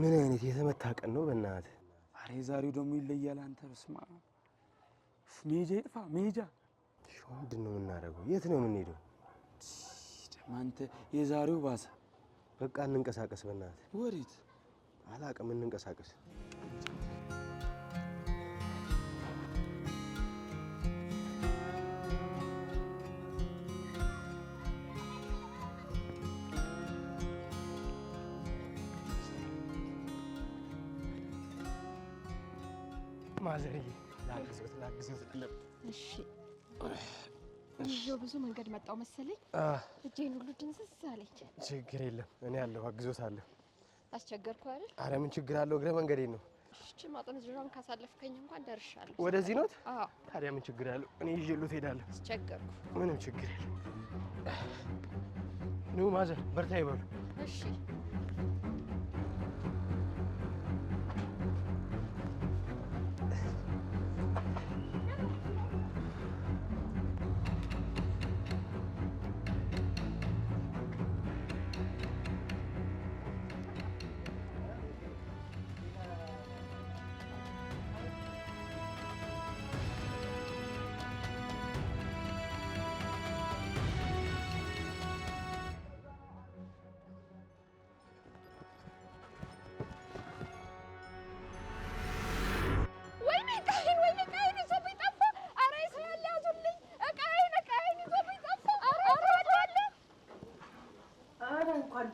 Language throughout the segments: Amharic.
ምን አይነት የተመታ ቀን ነው በእናትህ! አሬ ዛሬው ደግሞ ይለያል። አንተ በስማ መሄጃ ይጥፋ መሄጃ። ምንድን ነው የምናደርገው? የት ነው የምንሄደው? አንተ የዛሬው ባሰ። በቃ እንንቀሳቀስ በእናትህ። ወዴት? አላቅም። እንንቀሳቀስ ማዘርዬ ላግዝዎት ላግዝዎት እሺ ይዤው ብዙ መንገድ መጣው መሰለኝ። እጄን ሁሉ ድንዝዝ አለች። ችግር የለም እኔ አለሁ አግዝዎታለሁ። አስቸገርኩህ አይደል? ኧረ ምን ችግር አለው እግረ መንገዴ ነው። እሺ ማጥመዝዣውን ካሳለፍከኝ እንኳን ደርሻለሁ። ወደዚህ ኖት? አዎ። ታዲያ ምን ችግር አለው? እኔ ይዤልዎት እሄዳለሁ። አስቸገርኩ። ምንም ችግር የለም። ኑ ማዘር በርታ ይበሉ። እሺ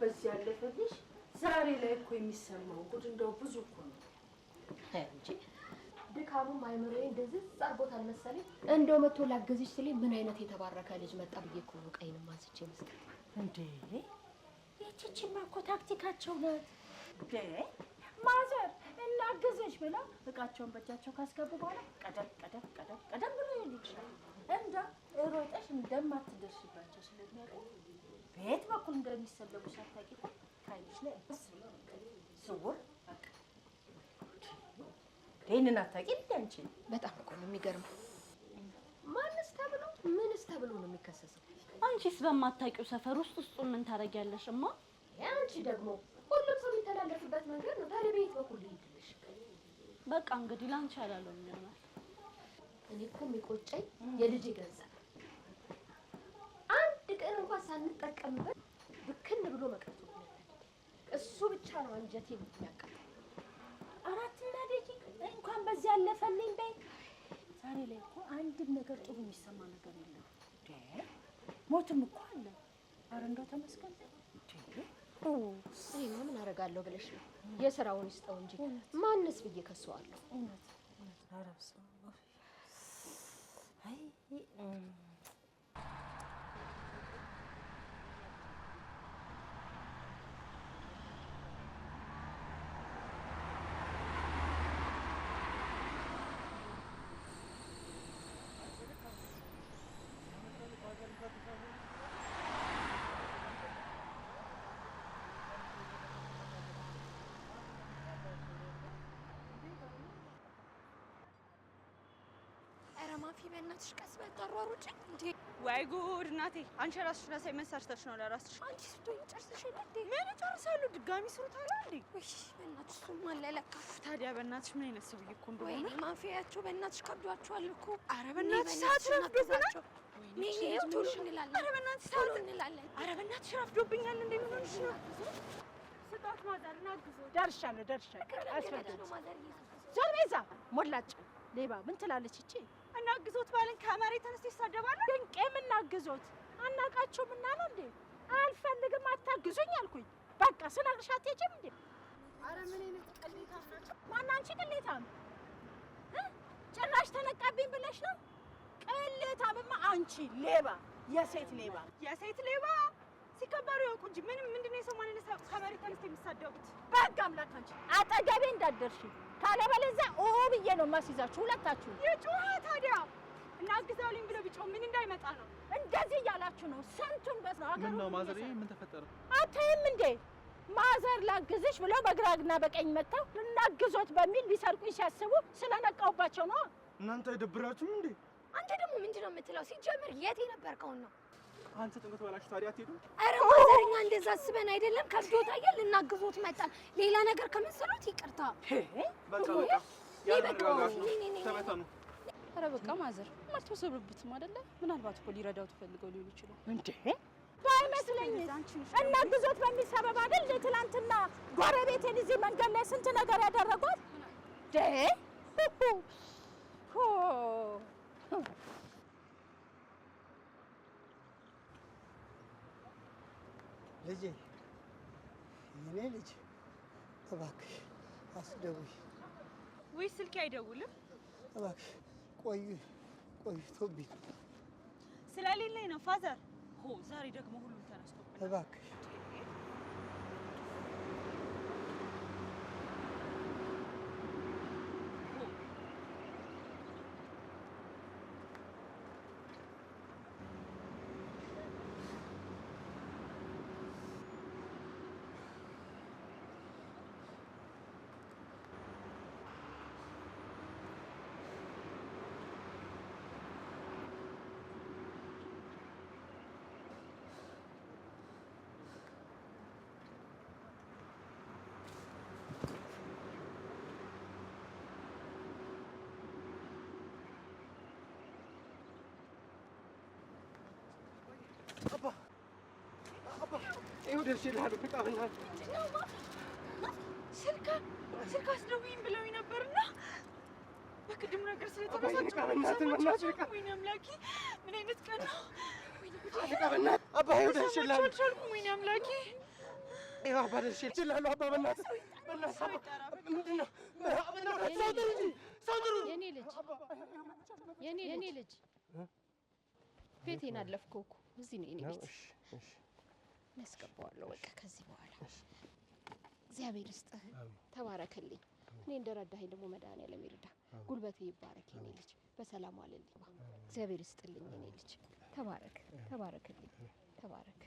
በዚህ ያለፈልሽ ዛሬ ላይ እኮ የሚሰማው ጉድ እንደው ብዙ እኮ ነው እንጂ ድካሙም አይምሮዬ እንደዚህ ጻር ቦታ አልመሰለኝ። እንደው መጥቶ ላገዝሽ ስለ ምን አይነት የተባረከ ልጅ መጣ ብዬ እኮ ነው ቀይን አንስቼ መስል እንዴ ይቺችማ እኮ ታክቲካቸው ናት። ማዘር እናግዝሽ ብለው እቃቸውን በእጃቸው ካስገቡ በኋላ ቀደም ቀደም ቀደም ቀደም ብሎ ይልሻል እንደ ሮጠሽ እንደማትደርሽባቸው ስለሚያውቁ በየት በኩል እንደሚሰለቡ ሳታውቂ እኮ ከአይንሽ ላይ ስውር ይህንን አታውቂ እንደ አንቺ። በጣም እኮ ነው የሚገርመው። ማንስ ተብሎ ምንስ ተብሎ ነው የሚከሰሰው? አንቺስ በማታውቂው ሰፈር ውስጥ እሱን ምን ታደርጊያለሽ? እማ አንቺ ደግሞ ሁሉም ሰው የሚተላለፍበት መንገድ ነው። ታዲያ በየት በኩል ልሄድልሽ? በቃ እንግዲህ ላንቺ አላለው ይሆናል። እኔ እኮ የሚቆጨኝ የልጅ ገንዘብ ሳንጠቀምበት ብክን ብሎ መቀርቱ እሱ ብቻ ነው አንጀቴ የሚያቀር። አራትና ደቂቅ እንኳን በዚህ ያለፈልኝ በይ። ዛሬ ላይ እኮ አንድም ነገር ጥሩ የሚሰማ ነገር የለም። ሞትም እኮ አለ። ኧረ ተመስገን። እኔማ ምን አደርጋለሁ ብለሽ ነው? የስራውን ይስጠው እንጂ ማንስ ብዬ ከሰዋለሁ። እውነት ማፊ በእናትሽ ቀስ በታሯሩጭ እንዴ! ወይ ጉድ እናቴ! አንቺ ራስሽ ነሳ መሳርተሽ ነው ለራስሽ። አንቺ ስትሆኝ ጨርስሽ እንዴ? ምን ጨርሳሉ? ድጋሚ ስሩ ታላ እንዴ? እሺ በእናትሽ ሱም አለ ታዲያ በእናትሽ ምን አይነት ሰውዬ እኮ እንደሆነ ወይኔ! ማፊያቸው በእናትሽ ከብዷቸዋል እኮ። ኧረ በእናትሽ ሳትረፍዱብናቸው። ወይኔ! ቶሽ እንላለን። ኧረ በእናትሽ ሳት እንላለን። ኧረ በእናትሽ ረፍዶብኛል። እንደምን ሆንሽ ነው? ስጣት ማዘር ናግዞ። ደርሻለሁ ደርሻለሁ። አስፈላጊ ዞር ቤዛ ሞላጭ ሌባ ምን ትላለች ይቺ? እናግዞት ባልን ከመሬት ተነስቶ ይሳደባሉ። ድንቅ የምናግዞት አናቃቸው ምናምን እንዴ አልፈልግም፣ አታግዙኝ አልኩኝ። በቃ ስነግርሽ አትሄጂም እንዴ? አረ ምን አይነት ቅሌታ ናቸው! ማን አንቺ ቅሌታም ጭራሽ ተነቃብኝ ብለሽ ነው? ቅሌታ? ቅሌታምማ አንቺ ሌባ፣ የሴት ሌባ፣ የሴት ሌባ ሲከበሩ ያውቁ እንጂ ምንም ምንድነው የሰው ማንነት ከመሬት ተነስቶ የሚሳደቡት? በህግ አምላክ አንቺ አጠገቤ እንዳትደርሺ ካለበለዚያ ኦ ብዬ ነው ማስይዛችሁ ሁለታችሁ። የጩኸ ታዲያ እና አግዛውልኝ ብሎ ቢጮህ ምን እንዳይመጣ ነው? እንደዚህ እያላችሁ ነው ስንቱን በስ ነው አገሩ ነው። ማዘር ምን ተፈጠረ? አታይም እንዴ ማዘር ላግዝሽ ብለው በግራግና በቀኝ መጥተው ልናግዞት በሚል ሊሰርቁኝ ሲያስቡ ስለነቃውባቸው ነው። እናንተ አይደብራችሁም እንዴ? አንተ ደግሞ ምንድነው የምትለው? ሲጀምር የት የነበርከውን ነው አንተ ጥንቅት በላችሁ ታዲያ አትሄዱ? ኧረ ማዘርኛ እንደዛ አስበን አይደለም። ከብዶት አየህ፣ ልናግዞት መጣን። ሌላ ነገር ከመሰሉት ይቅርታ። በቃ ኧረ በቃ ማዘር አልተወሰብብትም አይደለ? ምናልባት እኮ ሊረዳው ትፈልገው ሊሆን ይችላል። እንዴ አይመስለኝም። እናግዞት በሚል ሰበብ አይደል ትናንትና ጎረቤቴን እዚህ መንገድ ላይ ስንት ነገር ያደረጓት። ልጄ የኔ ልጅ እባክሽ አስደውይ ወይ ስልኬ አይደውልም። እባክሽ ቆይ ቆይቶብኝ ስለሌለኝ ነው ፋዘር። ሆ ዛሬ ደግሞ ሁሉም ተነስቶብኝ። እባክሽ ይኸው ደስ ይላሉ። ብቃምና ስልካ ስልካ ብለውኝ ነበርና በቅድሙ ነገር ስለተበሳጨሁኝ ምን አይነት ቀን ነው? ይኸው አባ ደስ ይላሉ። አባ በእናትህ የኔ ልጅ ቤቴን አለፍከው እኮ እዚህ ነው የኔ ቤት ያስገባዋለሁ። በቃ ከዚህ በኋላ እግዚአብሔር ይስጥህ፣ ተባረክልኝ። እኔ እንደረዳኸኝ ደግሞ መድኃኒዓለም ይርዳ፣ ጉልበቴ ይባረክ። የኔ ልጅ በሰላም አለልኝ። እግዚአብሔር ይስጥልኝ የኔ ልጅ። ተባረክ፣ ተባረክልኝ፣ ተባረክ